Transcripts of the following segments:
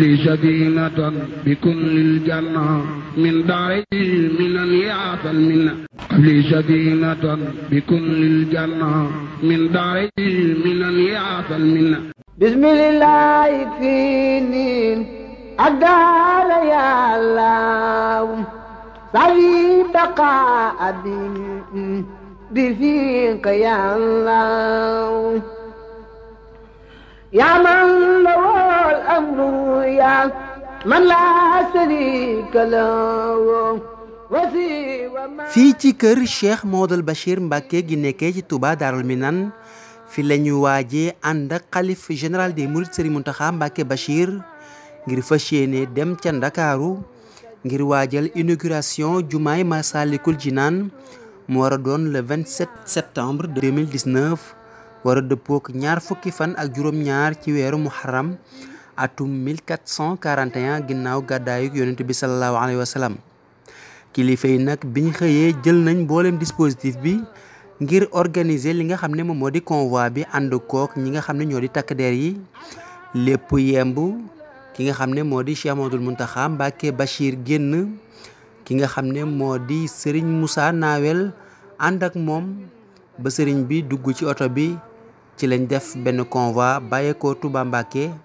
li sadinatan bi kullil janna min daari minan yaatal minna li sadinatan bi kullil janna min daari minan yaatal minna bismillahi finin adala ya allah sali baqa abin bi fika ya allah ya man law والأمر fii ci kër Cheikh Modou Bachir Mbacké gi nekkee ci Touba Darou Minane fi la waajee ànd ak xalif général des Mourides Serigne Mountakha Mbacké Bachir ngir fas yéene dem ca Ndakaaru ngir waajal inauguration jumaay Massalikul Jinaan mu war a doon le 27 septembre 2019 war a dëppook ñaar fukki fan ak juróom-ñaar ci weeru Muharram atum 1441 ginnaaw gàddaayug yonent bi salallaahu alayhi wa salaam kilifa yi nag biñ xëyee jël nañ mbooleem dispositif bi ngir organiser li nga xam ne moom moo di convoi bi ànd kook ñi nga xam ne ñoo di takk der yi lépp yemb ki nga xam ne moo di Cheikh Mahamadul Muntaxa Mbàkke Bachir génn ki nga xam ne moo di Serigne Moussa Nawel ànd ak moom ba sëriñ bi dugg ci oto bi ci lañ def benn convoi bàyyeekoo Touba Mbàkke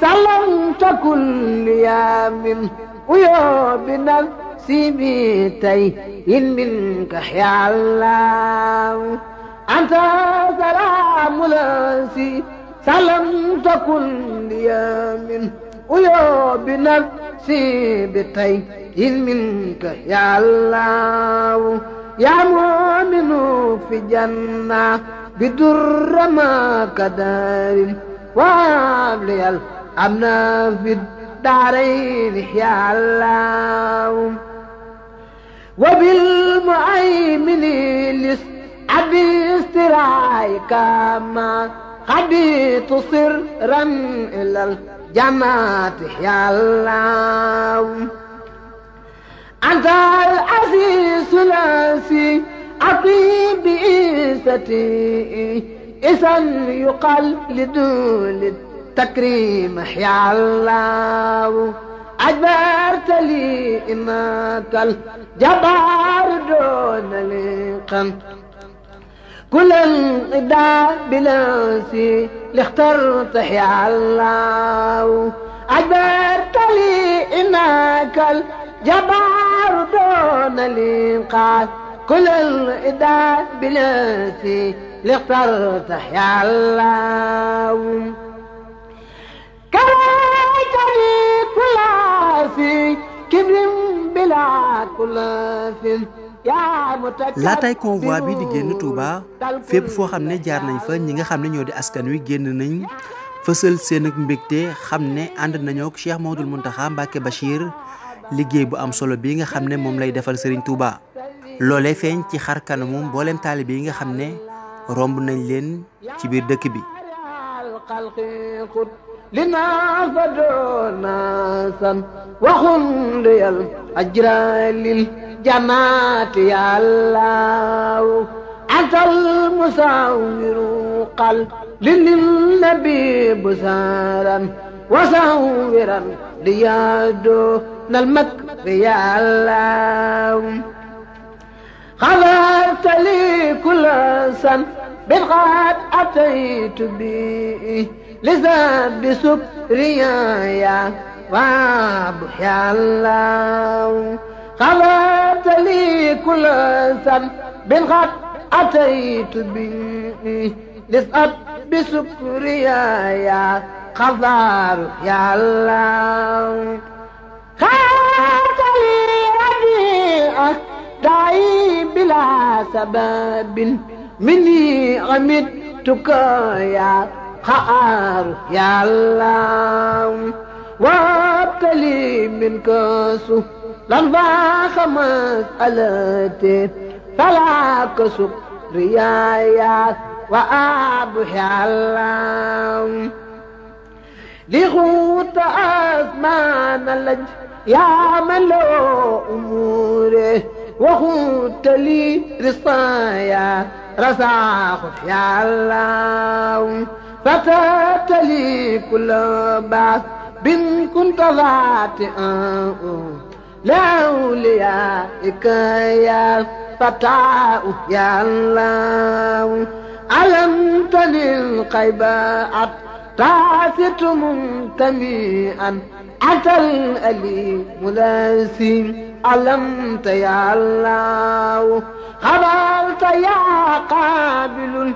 سلمت كل يوم ويا بنفسي بيتي إن منك يا الله أنت سلام لاسي سلمت كل يوم ويا بنفسي بيتي إن منك يا الله يا مؤمن في جنة بدر ما كدار وابلي am na fi daarayni yaa Allah wa bil mu'aymini lis abi istiraayka ma xaditu sirran ilal jamaati yaa Allah anta al azizu lasi aqim bi isati isan yuqal li dulit تكريم يا الله أجبرت لي إنك الجبار دون لقم كل انقضاء بلاسي لاخترت يا الله أجبرت لي إنك الجبار دون لقم كل الإداء بلاسي لاخترت يا الله كريت لي كلاسي كبر بلا كلاسي di génn Touba fépp foo xam ne jaar nañ fa ñi nga xam ne ñoo di askan wi génn nañ fësal seen ak mbégte xam ne ànd nañoo ak Cheikh Maodul Mountakha Mbacké Bachir liggéey bu am solo bi nga xam ne moom lay defal sëriñ Touba. loolee feeñ ci xar kanamu mbooleem taalibe yi nga xam ne romb nañ leen ci biir dëkk bi. لنا فدعونا سم وخلي الأجر للجنات يا الله أنت المساور قل للنبي بسارا وساورا ليادو المكر يا الله غفرت لي كل سن بالغد أتيت به لسبب سكريايا وابح يا الله خلقت لي كل سبب قد أتيت به لسبب بسكريايا قدر يا الله خلقت لي رديئك دعي بلا سبب مني عمدتك يا xaar yàlla وابتلي من كسو لنفا خمس ألتي فلا كسو ريايات وأبحي الله لغوت أزمان اللج يا من له أموره وغوت لي رصايا رساخ يا الله فتات لي كل بعث بن كنت ذاتئا لأوليائك يا فتاة يا الله علمتني القيبات تعثت منتميئا أتى الأليم لاسيم علمت يا الله خبرت يا قابل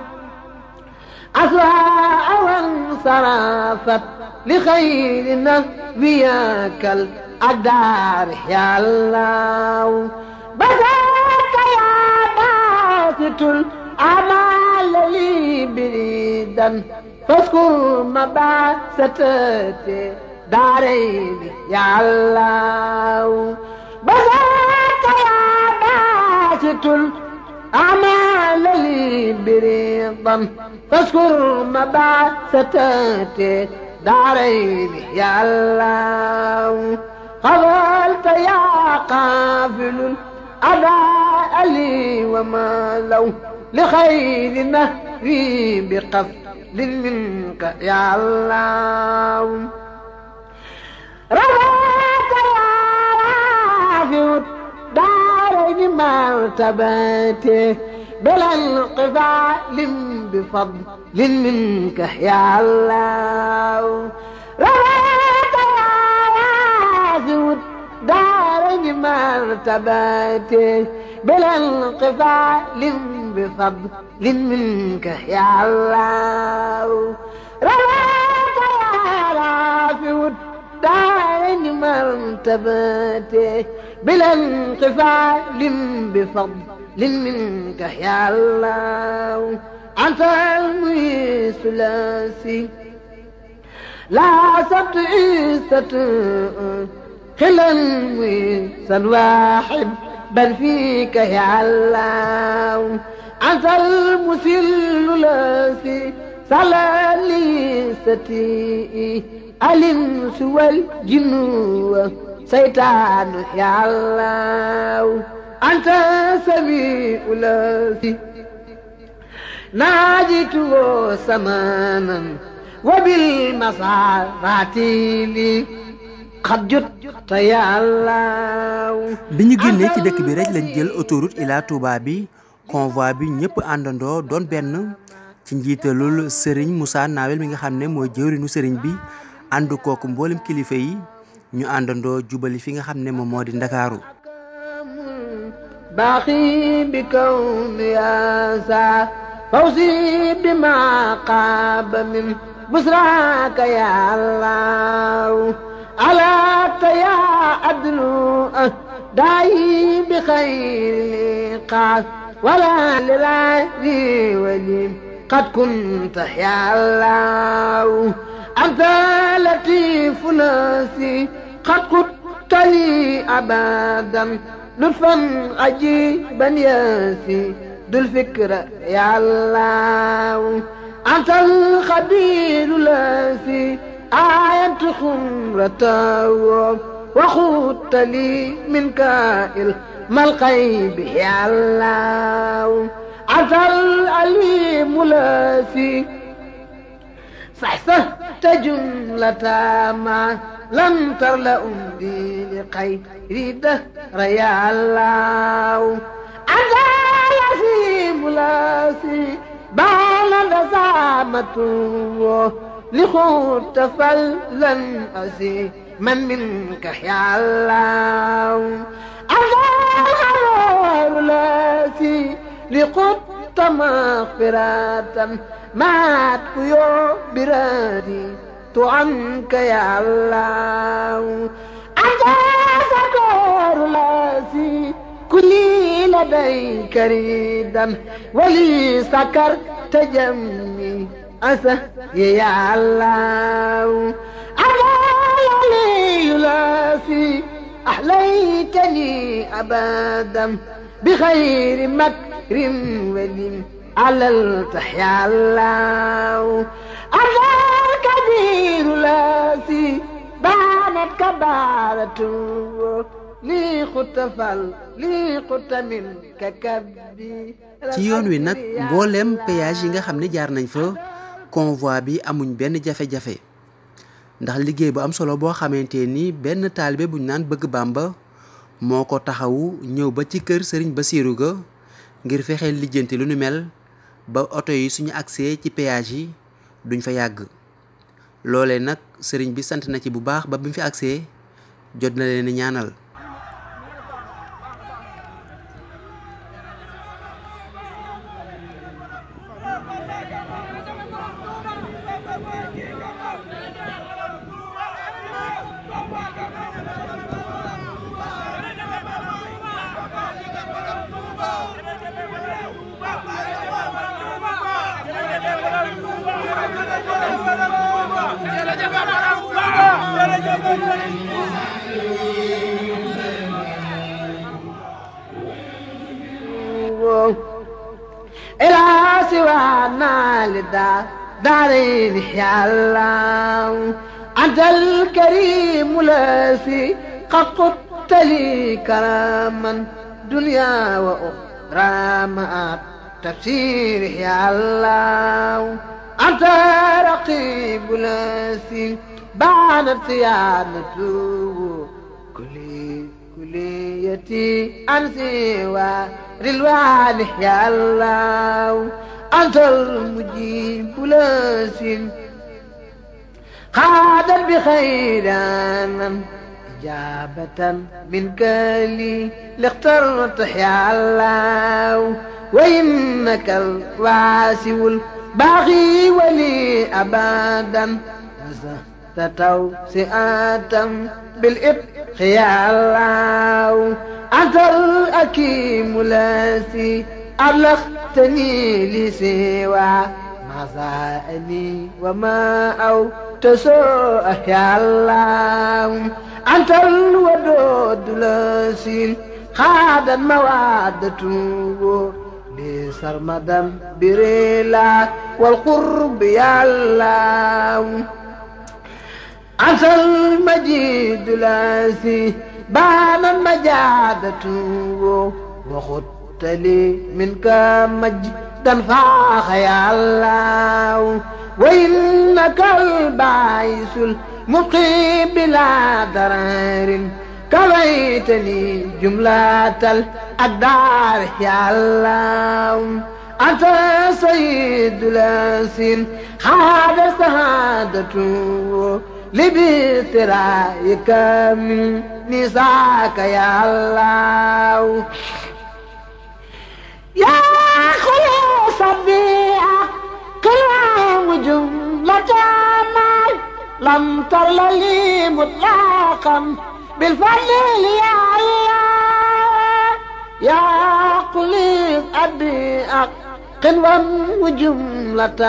أسعى وانصرفت لخيرنا وياك الأقدار يا الله بذاك يا باسط الأمال لي بريدا فاذكر مباستتي دارين يا الله بذاك يا باسط أعمال لي بريضا فاذكر مبعثتك دارين يا الله قبلت يا قافل أداء لي وما لو لخير نهري بقفل منك يا الله رضاك يا رافع بين مرتباته بلا انقفال بفضل منك يا الله رواك يا ذو الدارين مرتباته بلا انقفال بفضل منك يا الله رواك يا رافع الدارين مرتباته بلا انقفال بفضل منك يا الله أنت أمري ثلاثي لا سبت عيسة خلا ويسا واحد بل فيك يا الله أنت المسل لاسي سلا لي ستي الإنس والجنوة seytaanu yàllaaw anta samiu lasi naajitu samanan wa bil masarati li xat jot bi ñu génnee ci dëkk bi rek lañ jël autoroute Ila Touba bi bi ñëpp àndandoo doon benn ci njiitalul Serigne Moussa Nawel mi nga xam ne mooy jëwriñu sëriñ bi ànd kooku mboolem kilifa yi ñu àndandoo jubali fi nga xam ne moom moo di ndakaaru baaxi bi kawn ya sa bi ma qaaba min busraaka ya allah alaata ya adlu ah, daayi bi xayri qaas wala lilaari walim qad kunta ya allah أزالتي فلاسي قد قدت لي أبدا لطفا عجيبا ياسي ذو الفكرة يا الله أنت الخبير لاسي آية خمرته وخدت لي من كائل ما الغيب يا الله أنت العليم لاسي فاحفظت جملة ما لم ترلأ بي لخير دهر يا الله أنت يسيم لاسي بعد زعمته لخوت فلن أسي من منك يا الله أنت لاسي لقد مغفرة معك يا برادي تعنك يا الله أنت سكور لاسي كلي لديك ريدا ولي سكر تجمي أسه يا الله أنا لي لاسي أحليتني أبدا بخير مكر ولم على التحيا الله أرضى الكبير لاسي بانت كبارة lii ci yoon wi nag mbooleem péage yi nga xam ni jaar nañ fa convoi bi amuñ benn jafe-jafe ndax liggéey bu am solo boo xamante ni benn taalibe buñ naan bëgg Bàmba moo ko taxawu ñëw ba ci kër Serigne Bassirou ga ngir fexe lijjanti lu nu mel ba oto yi suñu agsee ci péage yi duñ fa yàgg loole nag sëriñ bi sant na ci bu baax ba bi fi agsee jot na leen ñaanal للدار دارين يا الله أنت الكريم الذي قد قدت لي كراما دنيا وأخرى مع تفسير يا الله أنت رقيب الذي بعد صيانته كلي كليتي أنسي ورلوان يا الله أنت المجيب لاسل خادا بخيران إجابة من كلي لاخترت يا الله وإنك الواسع الباغي ولي أبدا نزهت توسئة بالإبخ يا الله أنت الأكيم لاسي أبلغتني لسوى مظائمي وما أو تسوء يا الله أنت الودود لسين خاد الموادة بسرمدا بريلا والقرب يا الله أنت المجيد لسي بان المجادة وخد مبتلي منك مجدا فاخ يا الله وإنك الباعث المقي بلا ضرر كويتني جملة الأقدار يا الله أنت سيد لاسين هذا سعادته لبث رأيك من نساك يا الله يا خلوص البيئة كلام جملة ما لم تر لي مطلقا بالفضل يا الله يا قليل أبيئك قلوا وجملة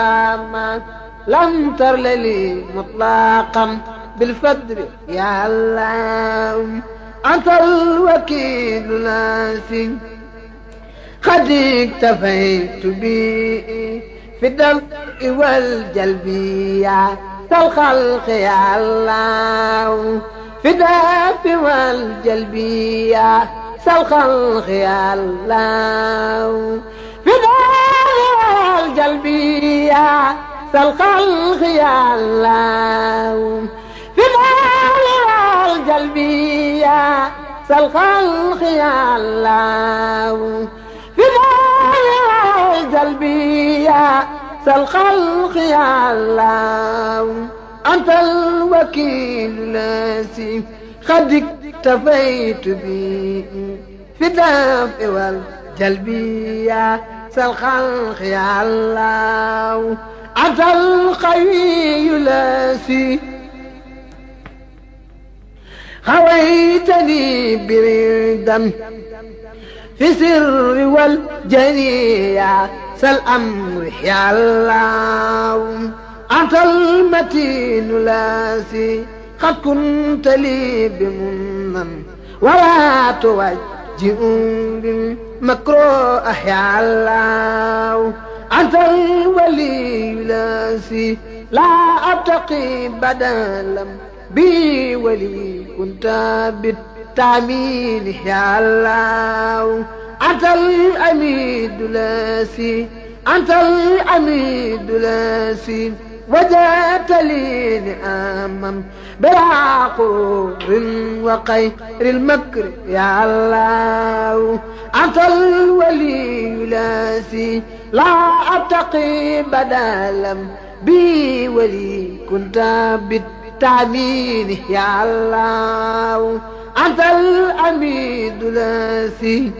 ما لم تر لي مطلقا بالفضل يا الله أنت الوكيل ناسي قد اكتفيت بي في الدفء والجلبية كالخلق يا الله في الدفء والجلبية كالخلق يا الله في الدفء والجلبية كالخلق يا الله في الدفء والجلبية كالخلق يا الله جلبي يا سالخلق يا الله أنت الوكيل الذي قد اكتفيت به في الدفع والجلب يا سالخلق يا الله أنت القوي الذي خويتني بردا في سر والجنية سالأمر يا الله أنت المتين لاسي قد كنت لي بمنن ولا توجه بمكروه يا الله أنت الولي لاسي laa abtaqi badalam bi wali kunta bitamini ya allah anta al amidu lasi anta al amidu lasi وجات لي نعما بلا قرور وقير المكر يا الله أنت الولي لاسي لا أتقي بدلا bi wali kunta bit taamini ya allah anta al amidu lasi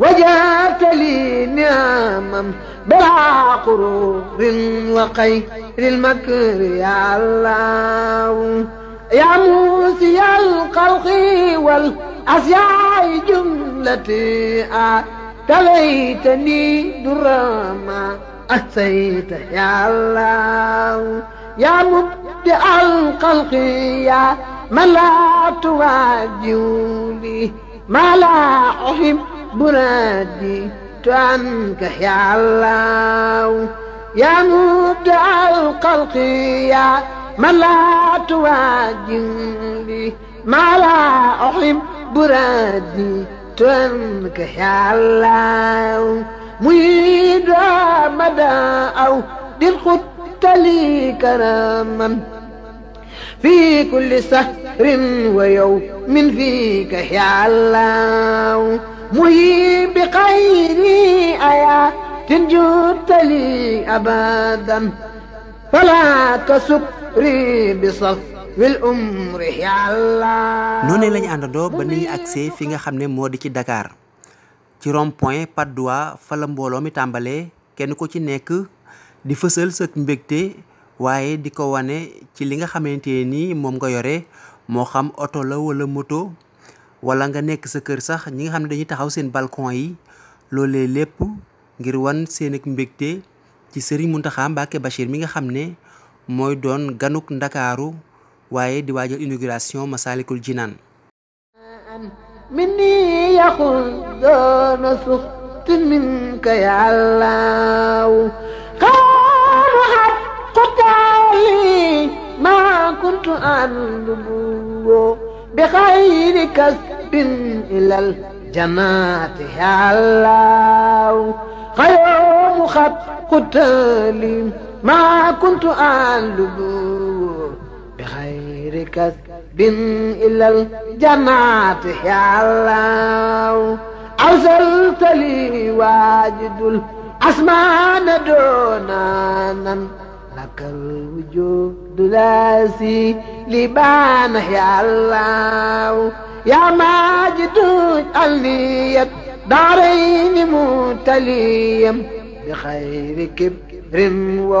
وجعلت لي نعما بلا قرور وخير المكر يا الله يا موسي الخلق والأسياء جملتي أتليتني دراما أحسيت يا الله يا مبدع الخلق يا من لا تواجهني ما لا أحب بنادي عنك يا الله يا مبدع الخلق يا من لا تواجهني ما لا أحب بنادي عنك يا الله ميدا مدى أو للخط لي كراما في كل سهر ويوم فيك يا الله مهي بخير آيات جدت لي أبدا فلا تسكري بصف noonee lañu àndandoo ba ni ñu agsee fi nga xam ne moo di ci Dakar ci rond point Patte d'Oie fa la mbooloo mi tàmbalee kenn ku ci nekk di fësal sa mbégte waaye di ko wane ci li nga xamante nii moom nga yore moo xam oto la wala moto wala nga nekk sa kër sax ñi nga xam ne dañuy taxaw seen balcon yi loolee lépp ngir wan seen ak mbégte ci Serigne Mountakha Mbacké Bachir mi nga xam ne mooy doon ganuk Ndakaaru waaye di waajal inauguration Massalikul Jinaan مني يخل دون سخط منك يا الله قال حقك لي ما كنت أندب بخير كسب إلى الجنات يا الله خير خط لي ما كنت أندب بخير كسب bin ilal jamaati yàllaaw awsalta li waajidul asmaana doonaanan lakal wujudu laasi li baana yàllaaw yaa maajidu alniyat daarayni mutaliyam bi xayri kibrin wa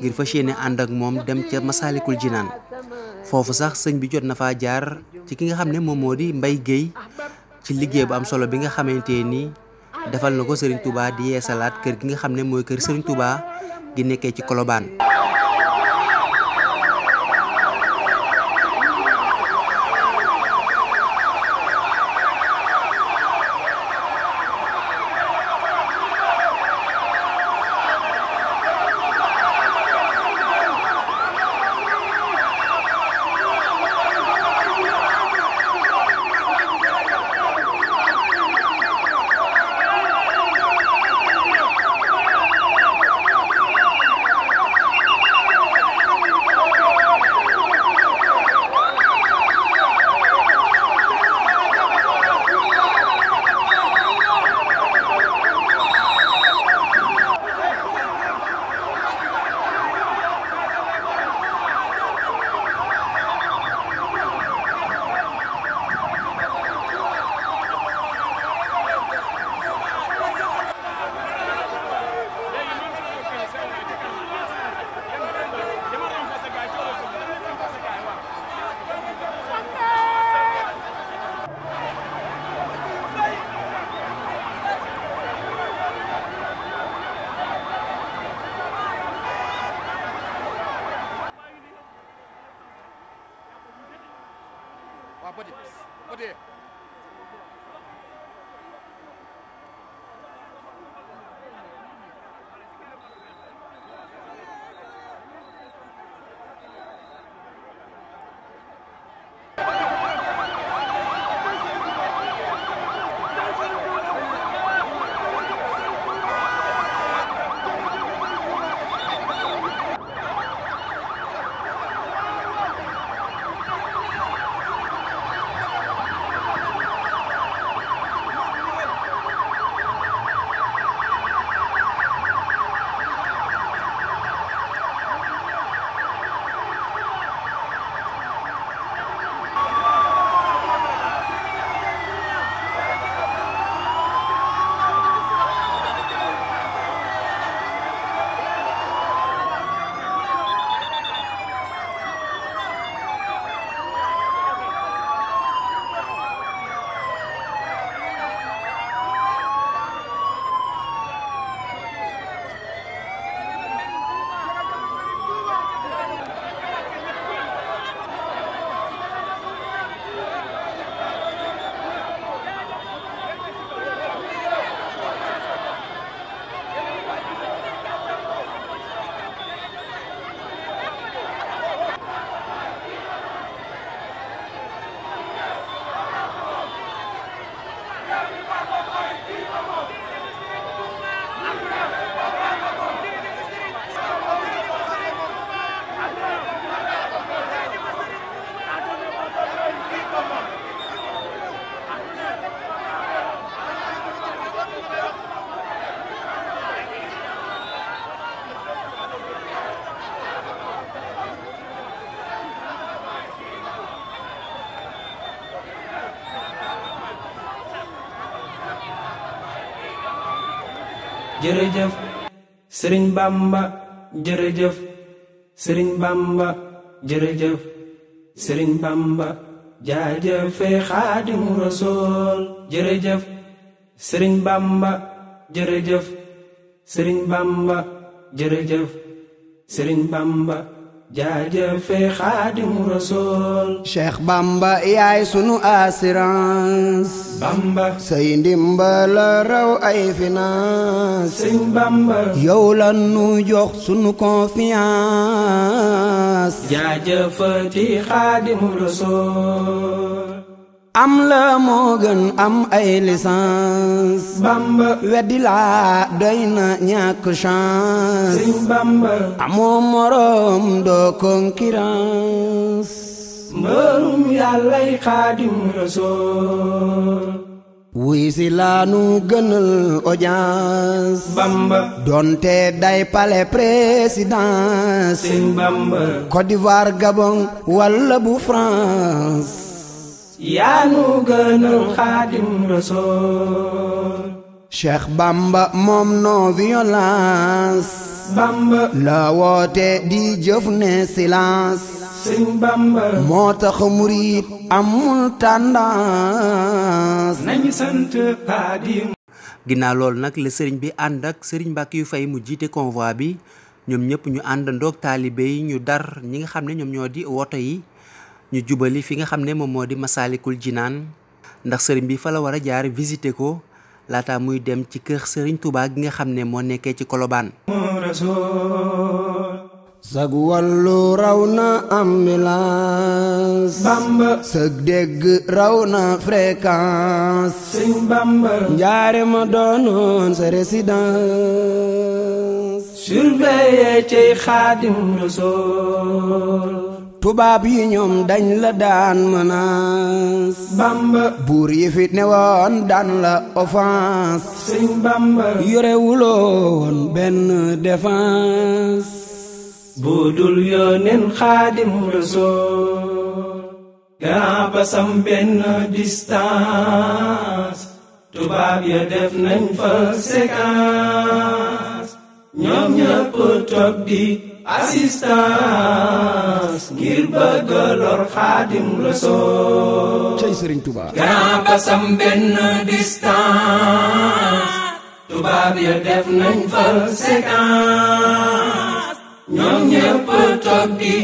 ngir fas yéene ànd ak moom dem ca Masaalikul Jinaan foofu sax sëñ bi jot na faa jaar ci ki nga xam ne moom moo di mbay Guèye ci liggéey bu am solo bi nga xamante ni defal na ko sëriñ tubaa di yee salaat kër gi nga xam ne mooy kër Serigne Touba gi nekkee ci Colobane. jërëjëf sëriñ bamba jërëjëf sëriñ bamba jërëjëf sëriñ bamba jaajëfe xaadimu rasool jërëjëf sëriñ bamba jërëjëf sëriñ bamba jërëjëf sëriñ bamba jaajëfe xaadimu rasool cheikh bamba yaay sunu assurance bamba say ndimbal raw ay finance sëñ bamba yow la jox sunu confiance jaajëfati xaadimu rasool am la moo gën am ay licence bamba weddi laa doy na ñàkk chance sëñ bamba moroom doo concurrence mbërum yàllay xaadim rasool wuy si laanu gënal audience bamba donte day palais présidence sëñ bamba Gabon walla bu France yaa nu gënal xaadim rasool cheikh bamba moom no violence bamba la woote di jëf ne silence sëñ bamba moo tax murit amul tendance nañu sant xaadim ginnaaw loolu nag la sëriñ bi ànd ak sëriñ Mbàkke yu fay mu jiite convoi bi ñoom ñëpp ñu àndandoog taalibe yi ñu dar ñi nga xam ne ñoom ñoo di woto yi ñu jubali fi nga xam ne moom moo di masaalikul jinaan ndax sëriñ bi fa la war a jaar visité ko laata muy dem ci kër sëriñ Touba gi nga xam ne moo nekkee ci kolobaan sag wàllu raw na ambulance njaare ma doonoon sa résidence surveillé ci xaadim rasool tubaab yi ñoom dañ la daan menace bamba buur yi fi ne daan la offense sëñ bamba yorewuloo woon benn défense budul yoneen xaadim rasool yaa basam benn distance tubaab ya def nañ fa séquence ñoom ñëpp toog di assistance ngir bëgg lor xaadim rasool cay sëriñ Touba grand basam benn distance tubaab ya def nañ fa séquence ñoom ñëpp toog di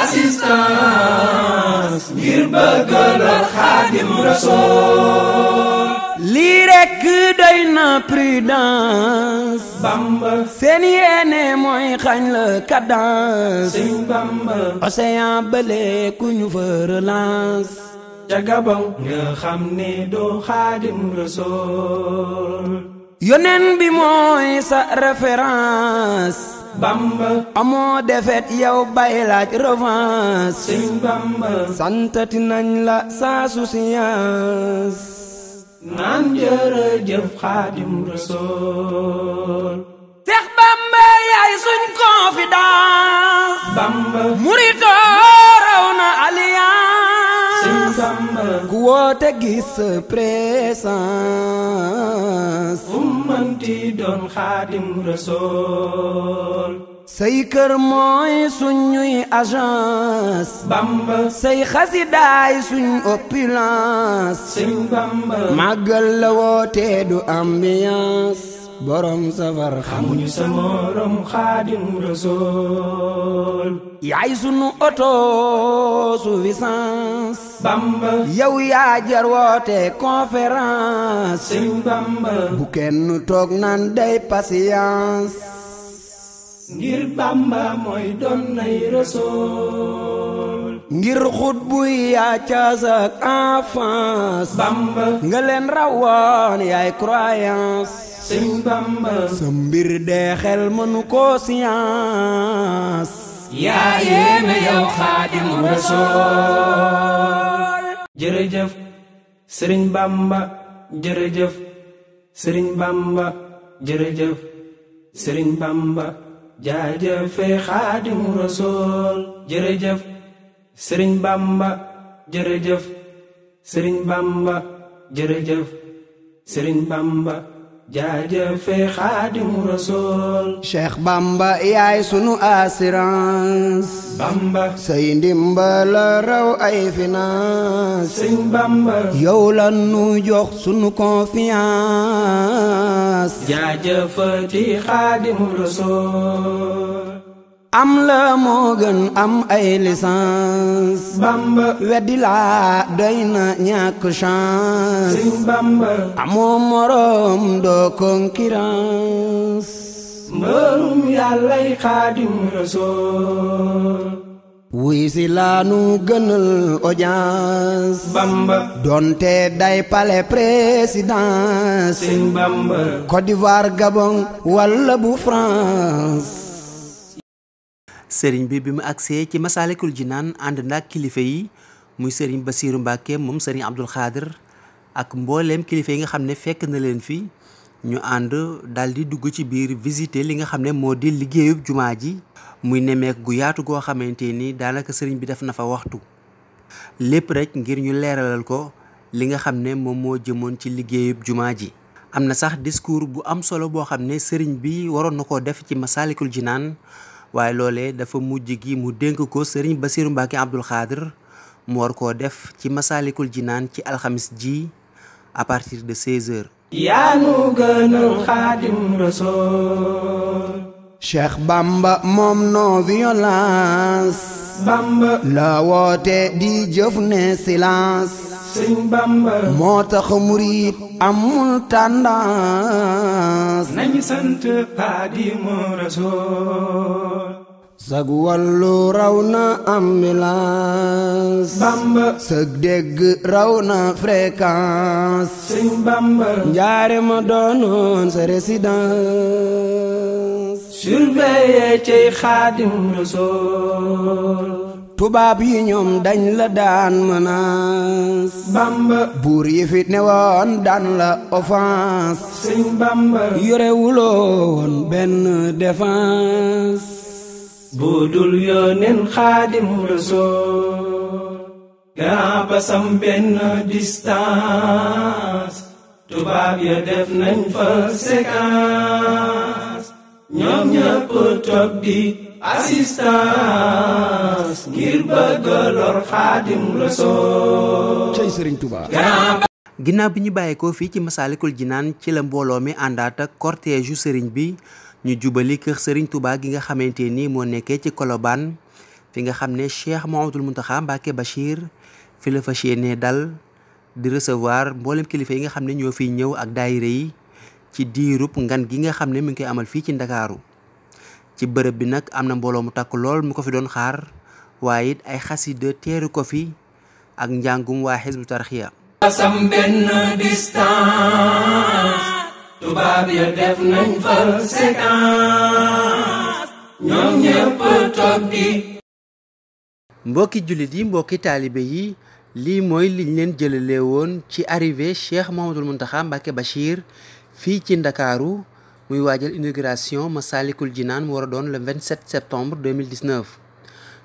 assistance ngir bëgg lor xaadim rasool lii rekk doy na prudence. bamba. seen yéene mooy xañ la cadence. sëñ bamba. ku ñu fa relance. jagabaw nga xam ne doo xaadim rasool. yoneen bi mooy sa référence. bamba. amoo defet yow bay laaj revanche. sëñ bamba. nañ la sa souciance. naan jërëjëf xaadim rasool seex bamba yaay suñ confidence bamba muritoo raw na alliance suñ bamba ku woote gis présence ummanti doon xaadim rasool say kër mooy suñuy agence. bamba say xasidaay suñ opulence. sëñ màggal la wootee du ambiance. borom safar xamuñu sa morom xaadim rasool. yaay sunu autosuffisance. bamba. yow yaa jar woote conférence. bu kenn toog naan day ngir bamba mooy doon nay rasool ngir xut buy yaa caas ak nga leen rawoon yaay croyance sëñ bamba sa mbir dee xel mënu ko science yaa yéeme yow xaadim rasool jërëjëf sëriñ bamba jërëjëf sëriñ bamba jërëjëf sëriñ bamba jaajëf fee xaadimu rasool jërëjëf sëriñ bamba jërëjëf sëriñ bamba jërëjëf sëriñ bamba jaajëfe xaadimu rasool cheikh bamba yaay sunu assurance bamba say ndimbal raw ay finance sëñ bamba yow la nu jox sunu confiance jaajëfati xaadimu rasool am la moo gën am ay licence bamba weddi laa doy na ñàkk chance sëñ moroom doo concurrence mbërum yàllay xaadim rasool wuy si laa nu gënal audience bamba donte day palais présidence sëñ Gabon walla bu France sëriñ bi bi mu agsee ci masaalikul jinaan ànd na kilifa yi muy sëriñ Basiiru Mbàkke moom sëriñ Abdul Xaadir ak mbooleem kilifa yi nga xam ne fekk na leen fi ñu ànd daal di dugg ci biir visiter li nga xam ne moo di liggéeyub jumaa ji muy nemeek gu yaatu goo xamante ni daanaka sëriñ bi def na fa waxtu lépp rek ngir ñu leeralal ko li nga xam ne moom moo jëmoon ci liggéeyub jumaa ji am na sax discours bu am solo boo xam ne sëriñ bi waroon na koo def ci masaalikul jinaan waaye loole dafa mujj gi mu dénk ko sëriñ Basiiru Mbàkke Abdul Xaadir mu war koo def ci Masaalikul Jinaan ci alxamis ji à de 16 heures. cheikh bamba moom non violence. bamba la woote di jëf ne silence. moo tax murit amul tendance. nañu sant Xaadimu Rasuul. sag wàllu raw na ambulance. bamba sag dégg raw na fréquence. njaare ma doonoon sa résidence. surveiller cey xaadim rasool tubaab yi ñoom dañ la daan menace bamba buur yi fi ne daan la offense sëñ bamba yorewuloo woon benn défense budul yónneen rasool yaa basam benn distance tubaab ya def nañ fa séquence ñoom ñëpp toog di assistance ngir bëgg lor xaadim rasool cay ginnaaw bi ñu bàyyeekoo fii ci masaalikul jinaan ci la mbooloo mi àndaat ak cortège sëriñ bi ñu jubali kër sëriñ tubaa gi nga xamante ni moo nekkee ci Colobane fi nga xam ne Cheikh Mouhamadoul Mountakha Mbacké Bachir fi la fas yéene dal di resevoir mboolem kilifa yi nga xam ne ñoo fiy ñëw ak daayira yi ci diirub ngan gi nga xam ne mi ngi koy amal fii ci ndakaaru ci bërëb bi nag am na mbooloo mu takk lool mu ko fi doon xaar waaye it ay xasida teeru ko fi ak njàngum waa xisbu tarxiya ñoom ñëpp toog di mbokki jullit yi mbokki taalibe yi lii mooy liñ leen jëlale woon ci arrivé Cheikh Mouhamadoul Mountakha Mbacké Bachir fii ci ndakaaru muy waajal inauguration Massalikul naan mu war a doon le 27 septembre 2019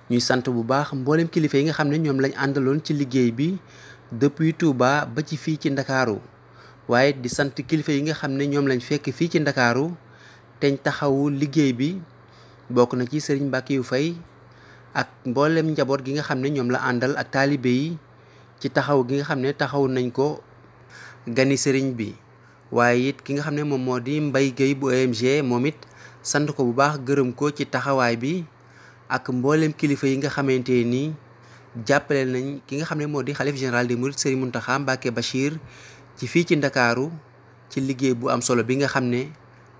ñuy sant bu baax mboolem kilifa yi nga xam ne ñoom lañ àndaloon ci liggéey bi dëpp yu Touba ba ci fii ci ndakaaru waaye di sant kilifa yi nga xam ne ñoom lañ fekk fii ci ndakaaru teñ taxawu liggéey bi bokk na ci sëriñ Mbàkkiyu Fay ak mboolem njaboot gi nga xam ne ñoom la àndal ak taalibe yi ci taxaw gi nga xam ne taxaw nañ ko gani sëriñ bi waaye it ki nga xam ne moom moo di Mbaye Guèye bu ONG moom it sant ko bu baax gërëm ko ci taxawaay bi ak mboolem kilifa yi nga xamante ni jàppale nañ ki nga xam ne moo di xalif général des mourides Serigne Mountakha Mbacké Bachir ci fii ci Ndakaaru ci liggéey bu am solo bi nga xam ne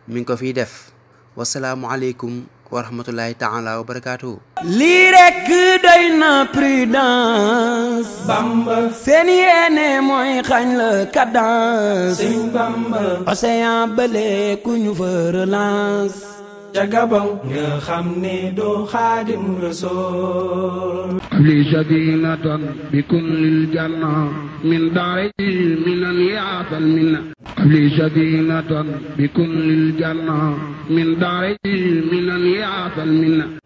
mu ngi ko fiy def wasalaamualeykum wa rahmatullahi taala wa barakaatu. lii rekk doy na prudence. bamba seen yéene mooy xañ la cadence. sëñ bamba ku ñu fa relance. ca gabaw nga xam ne doo xaadim rasool li sakinatan bi kullil janna min daari minan yaatal minna li sakinatan bi kullil janna min daari minan yaatal minna